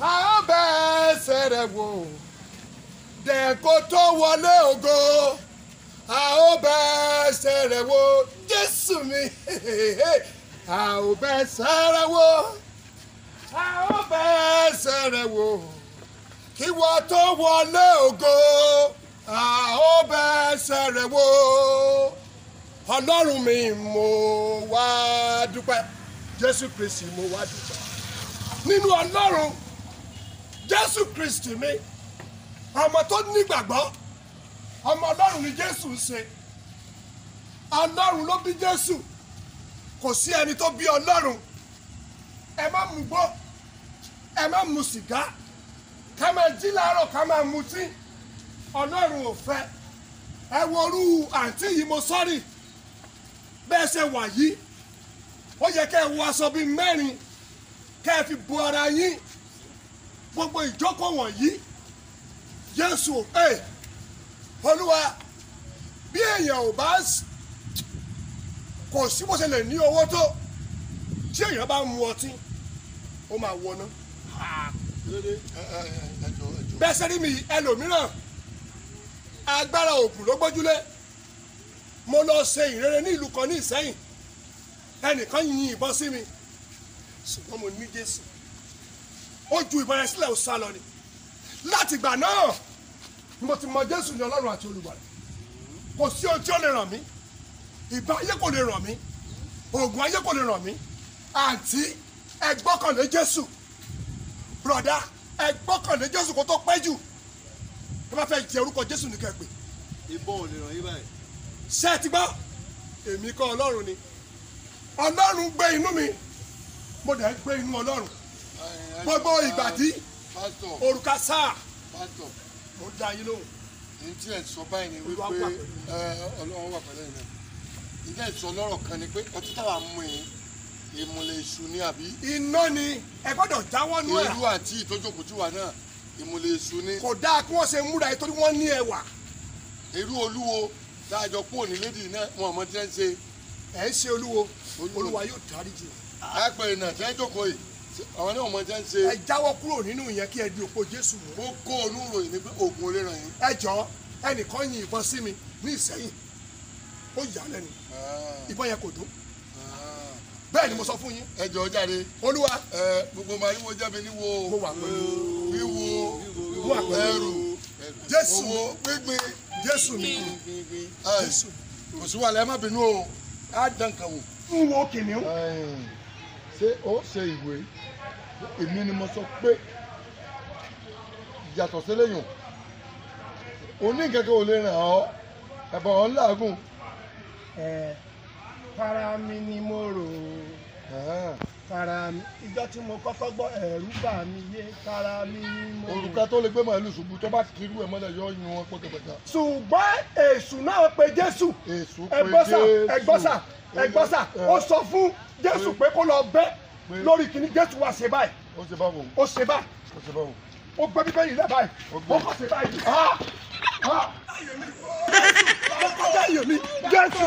a ó bẹ́ẹ̀ ṣẹ̀rẹ̀ wò dẹ̀kó tó wọlé ògo a ó bẹ́ẹ̀ ṣẹ̀rẹ̀ wò jésù mi a bẹ́ẹ̀ ṣẹ̀rẹ̀ wò a ó bẹ́ẹ̀ ṣẹ̀rẹ̀ wò kí wọ́n tó wọlé ògo a bẹ́ẹ̀ ṣẹ̀rẹ̀ wò ọlọ́run mi mo wá dúpẹ́ jésù kristi mo wá dúpẹ́ nínú ọlọ́run jésù kristi ni ọmọ tó nígbàgbọ́ ọmọ ọlọ́run ni jésù ń ṣe ọlọ́run ló bí jésù kò sí ẹni tó bí ọlọ́run ẹ má mú gbó ẹ má mú sìgá ká máa jí láàárọ̀ ká máa mutí ọlọ́run ò fẹ́ ẹ worú àǹtí yìí mo sọ́rí bẹ́ẹ̀ ṣe wà yìí ó yẹ kẹ́ ẹ wọ aṣọ bíi mẹ́rin kẹ́ ẹ fi bo ara yín gbogbo ìjókòó wọ̀nyí Jésù ẹ̀ Olúwa bí èèyàn ò bá kò sí bó ṣe lè ní owó tó tí èèyàn bá mu ọtí ó máa wọná bẹ́ẹ̀ sẹ́rí mi ẹlòmíràn agbára òògùn ló gbójúlé mo lọ ṣe ìrere ní ìlú kan ní Ìsẹ́yìn ẹnìkan yin ìbọn sí mi ṣùgbọ́n mo ní Jésù ó ju ìbọn yẹn sílẹ̀ ó sá lọ ni látìgbà náà mo ti mọ jésù ní ọlọ́run àti olùgbàlà kò sí ohun tí ó lè ràn mí ìbá ayé kò lè ràn mí oògùn ayé kò lè ràn mí àǹtí ẹ gbọ́kànlé jésù bùrọ̀dá ẹ gbọ́kànlé jésù kó tó pẹ́ jù ẹ bá fẹ́ jẹ orúkọ jésù ní kẹgbẹ́. ìbọn ò lè ràn yín báyìí. ṣé ẹ ti gbọ́ èmi kọ́ ọlọ́run ni ọlọ́run gbé inú mi mo dẹ̀ gbé inú ọlọ́run gbogbo ìgbàdí òrùka sáà mo dá yín lóhùn. ní tí ẹ̀ sọ báyìí ni wípé ọlọ́run wà pẹ̀lú ìnáwó ilé ìsọ lọ́rọ̀ kan ni pé ọtí táwa mú yín ìmùlẹ̀ èṣù ni àbí. iná ni ẹ gbọ́dọ̀ jáwọ́ nú ẹ̀. irú àti ìtọ́jọ́kù tiwa náà ìmùlẹ̀ èṣù ni. kò dáa kí wọ́n ṣe múra yìí torí wọ́n ní ẹwà. irú olúwo tá a ní lédi náà wọn àmọ́ tí wọ́n ń ṣe. ẹ̀ ṣe olúwo olúwa yóò dáríjì. láìpẹ́ ìnà tí yìí àwọn náà mọ jẹ́ ń ṣe. ẹ jáwọ́ kúrò nínú yẹn kí ẹ di òpó jésù mú. ó kó onú ròyìn ní pé oògùn olè ràn yín. ẹ jọ ẹnìkan yin ìbọn sí mi ní ìsẹ́yìn ó yà á lẹ́nu ah. ìbọn yẹn kò dún ah. bẹ́ẹ̀ ni mo sọ fún yín. ẹ jọ jáde. olúwa. ẹ gbogbo màá yín wo jábẹ ní wo. mo wà pẹ̀lú. wíwo ẹrù jésù owó gbígbin jésù mi. jésù. kò sí wàhálà ẹ má bínú o á dán kan wò. n wo kìnìún ṣé ó ṣe ìwé èmi ni mo sọ pé yàtọ̀ sí lẹ́yìn oníkẹ́kẹ́ ò lè ràn ọ́ ẹ̀bọ̀n ọ̀ ń làágùn. ẹ para mi ni mo rò ó para mi ìjọ tí mo kọ́kọ́ gbọ́ ẹ̀rú bà mí yé para mi ni mo rò ó. òrùka tó lè gbé màálù ṣubú tó bá kiri ẹ̀ mọ́lẹ̀ yọ yun wọn pẹ́kẹ́pẹ́kẹ́. ṣùgbọ́n èṣù náà pe jésù. èṣù pe jésù ẹgbọ́sà ẹgbọ́sà ẹgbọ́n sà ó sọ fún jésù pé kó lọ bẹ́ lórí kìíní jésù wá ṣe báyìí ó ṣe báwo ó ṣe báwo ó gbé bíbélì lẹ́ báyìí ó kọ́ ṣe báyìí ha ha ayé mi jésù.